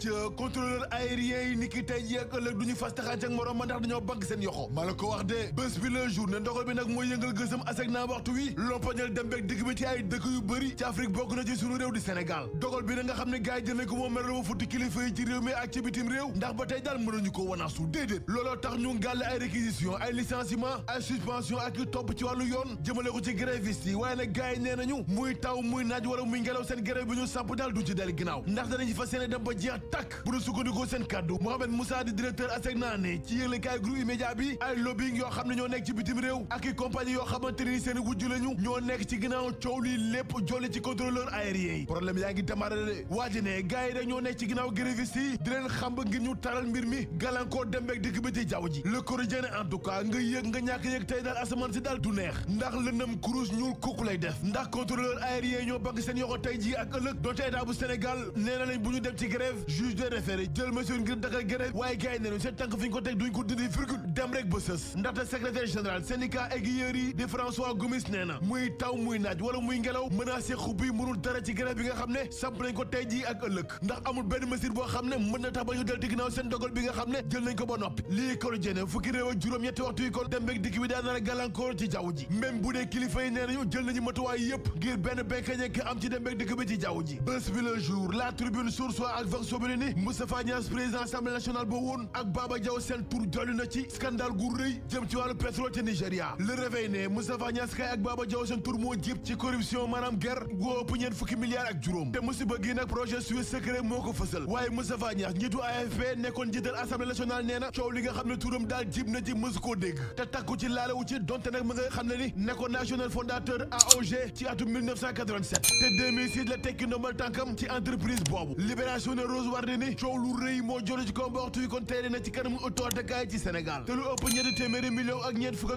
ca contrôleur aérien yi ni ki tey yeeg ëllëg du ñu fas taxaat ak morom ma ndax dañoo bagg seen yoxo maa la ko wax de bés bi la jour ne ndogal bi nag mooy yëngal gësam aseg naa waxtu wi lompañal dem beeg dëkk bi ci ay dëkk yu bëri ci Afrique bokk na ci sunu réew di Sénégal dogal bi na nga xam ne gars yi jël ko moom meral ba futti kilifa yi ci réew mi ak ci bitim réew ndax ba tey daal mënuñu ko wanaasu déedéet looloo tax ñu gàll ay réquisition ay licenciement yu topp ci wàllu yoon jëmale ko ci grévistes yi waaye nag gars yi nee nañu muy taw naaj wala muy ngelaw seen grève bi ñu sàpp daal du ci del ginnaaw ndax danañu fas yéene dem ba jeex takk bu nu sukkandikoo seen kàddu Mouhamed Moussa di directeur ASECNA ne ci yëglekaay groupe E-Media bi ay lobbying yoo xam ne ñoo nekk ci bitim réew ak i compagnie yoo xamante ni seen wujju lañu ñoo nekk ci ginnaaw coow li lépp jolli ci contrôleur aérien yi problème yaa ngi démarré waa ji ne gars yi dañoo nekk ci ginnaaw grévistes di leen xamb ngir ñu taral mbir mi gàllankoor dem beeg dikk bi ci jaww ji le Quotidien en tout cas nga yëg nga ñàkk yëg tey daal asamaan si daal du neex ndax lëndëm cruise ñuul kukk lay def ndax contrôleur aérien ñoo bank seen yoxo tey ji ak ëllëg doote état bu Sénégal na lañ bu ñu dem ci grève juge de référé jël mesure ngir dakkal grève waaye gars yi ne seen tànk fi ñu ko teg duñ ko dindi virgule dem rek ba ndaxte secrétaire général syndicat aiguilleurs yi di François Gomis nee na muy taw muy naaj wala muy ngelaw menacé xub yi mënul dara ci grève bi nga xam ne samp nañ ko tey jii ak ëllëg ndax amul benn mesure boo xam ne mën na tax ba ñu del ci ginnaaw seen dogal bi nga xam ne jël nañ ko ba noppi lii kon jëne fukki réew ak juróom ñetti waxtu yi kon dem bég dikk bi daa nar dem bég dikk bi ci la tribune Tribune ne Moustapha Niass président assemblée nationale ba woon ak Baba Diaw seen tur jolli na ci scandale gu rëy jëm ci wàllu pétrole ca Nigéria le réveil ne Moustapha kay ak Baba Diaw seen tur moo jib ci corruption maanaam guerre gu ëpp fukki milliards ak juróom te musiba gi nag projet Suisse secret moo ko fësal waaye Moustapha Niass AFP nekkoon jiital assemblée nationale nee na coow li nga xam ne turam daal jib na ci mësu koo dégg takku ci laalawu ci donte te 2006 la war ne ni coow lu rëy moo jëlu ci ko waxtu yi kon teere na ci kanamu autoatekaay ci Sénégal te lu ëpp ñetti téeméeri million ak ñeent fukk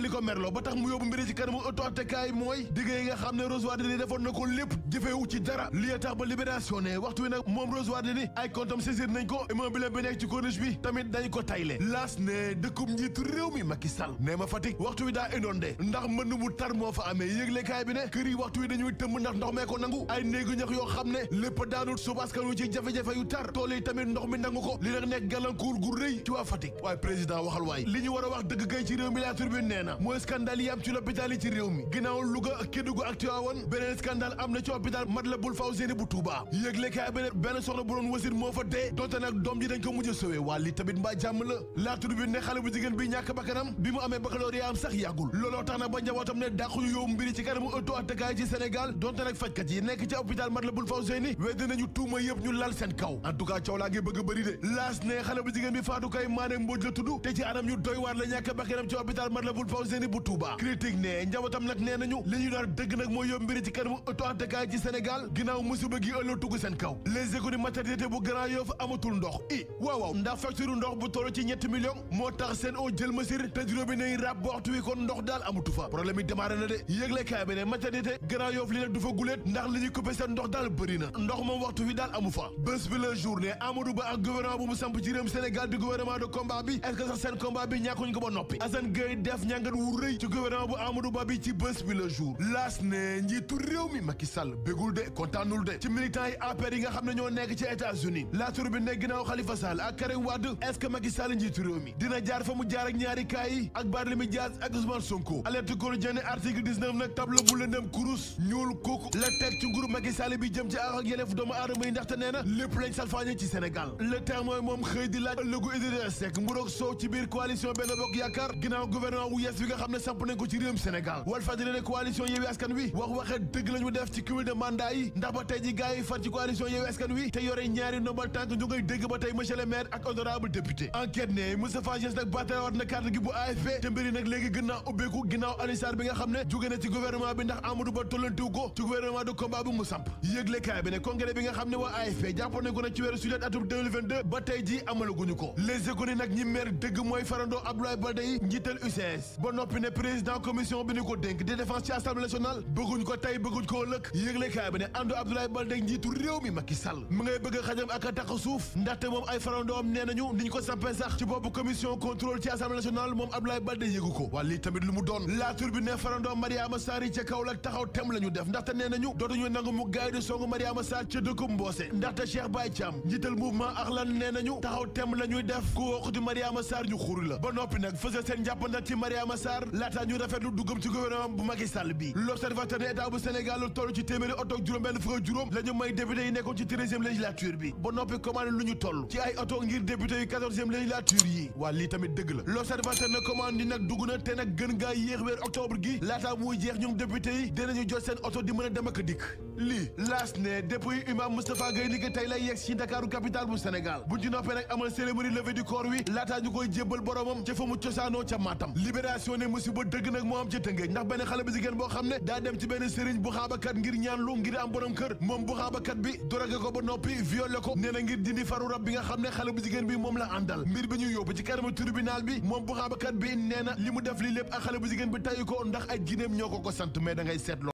li ko merloo ba tax mu yóbbu mbiri ci kanamu autoatekaay mooy digg nga xam ne Rose Wardini defoon na ko lépp jëfeewu ci dara li tax ba libération ne waxtu wi nag moom Rose Wardini ay comptam saisir nañ ko immeuble bi nekk ci corniche bi tamit dañ ko tayle laas ne dëkkum njiitu réew mi Macky Sall nee ma Fatick waxtu wi daa inondé ndax mën mu tar moo fa amee yëglekaay bi ne waxtu wi dañuy tëmb ndax ndox mee ko nangu ay néegu ñax xam ne lépp daanul subaskan ci jafe-jafe yu tar tool yi tamit ndox mi nangu ko li nag nekk gàllankoor gu rëy ci waa Fatick waaye président waxal waay li ñu war wax dëgg kay ci réew mi la turbine nee na mooy scandale yi am ci l'hôpital ci réew mi ginnaaw Louga ak Kédougou ak Tivaouane beneen scandale am na ci hôpital Matlaboul Fawzeyni bu fa dee bu jigéen bi ñàkk bakkanam ne dàqu ñu yóbbu mbiri hôpital yi ci Sénégal donte nag fajkat yi nekk de njabootam nag nee nañu li ñu nar dëgg nag mooy yób mbiri ci kanamu auto-entekaay ci Sénégal ginnaaw musiba gi ëllëg seen kaw les écoles maternité bu Grand Yoff amatul ndox i waaw waaw ndax facture ndox bu toll ci ñetti million moo tax seen o jël masir te juróomi nay rab waxtu wi kon ndox daal amatu fa problème yi démarré na de yëgle kaay bi ne maternité Grand Yoff li nag du fa guléet ndax li ñuy coupé seen ndox daal bëri na ndox moom waxtu fi daal amu fa bés bi la journée Amadou Ba ak gouvernement bu mu samp ci réewum Sénégal di gouvernement de combat bi est sax seen combat bi ñàkkuñ ko ba noppi Assane Gueye def ñàngat wu rëy ci gouvernement bu Amadou Ba bi ci bés bi la jour laas ne njiitu réew mi Macky Sall de kontaanul de ci militants yi APR yi nga xam ne ñoo nekk ci États-Unis laatur bi ne ginnaaw Khalifa Sall ak kurus ñuul kooku la teg ci nguur Macky Sall bi jëm ci aar ak doomu aadama yi ndaxte nee na lépp lañ salfaañe ci Sénégal le témoin moom xëy di laaj ëllëgu Idrissa Seck mburoog soow ci biir coalition Benno Bokk Yaakaar ginnaaw gouvernement bu yees bi nga xam ne samp nañ ko ci réewum Sénégal wal fajri ne coalition Yewwi Askan Wi wax waxee dëgg la def ci cumul de mandat yi ndax ba tey ji far ci coalition Yewwi Askan Wi te yore ñaari nombal tànk ba tollantiwu ko ci gouvernement de combat bu mu samp yëglekaay bi ne congrès bi nga xam ne waa AFP jàppoon nañ ci weeru sulet atum ba tey ji amalaguñu ko les économies nag ñi mer dëgg mooy farandoo Abdoulaye Baldé yi njiital UCS ba noppi ne président commission bi ñu ko dénk di défense ci assemblée nationale bëgguñ ko tey bëgguñ ko ëllëg yëglekaay bi ne àndu Abdoulaye Baldé njiitu réew mi Macky Sall mu ngay bëgg a xajam ak ndaxte moom tem la ñu def ndaxte nee nañu dootuñu nangu mu gaay di songu Mariama Sarr ca dëkku Mboose ndaxte Cheikh Baye Thiam njiital mouvement Akhlan nee nañu taxaw tem la ñuy def ku wooxuti Mariama Sarr ñu xuru la ba noppi nag fësal seen njàppandal ci Mariama Sarr laataa ñu rafetlu duggam ci gouvernement bu Macky Sall bi l'observateur ne état bu Sénégal lu toll ci téeméeri oto juróom benn fukk juróom la may député yi nekkoon ci treizième législature bi ba noppi nañu jot seen oto di mën a dem ak dik lii laas ne depuis imam Moustapha Gueye ni ki tey lay yegg ci Dakar capitale bu Sénégal bu ñu noppee nag amal cérémonie levée du corps wi laataa ñu koy jébbal boromam ca fa mu cosaanoo ca Matam libération ne musiba dëgg nag moo am ci Tëngéej ndax benn xale bu jigéen boo xam ne daa ci benn sëriñ bu xaabakat ngir ñaan lu ngir am borom kër moom bu xaabakat bi dorogé ko ba noppi violé ko nee na ngir dindi faru rab bi nga xam ne xale bu jigéen moom la àndal mbir bi ñu yóbbu ci kanamu tribunal bi moom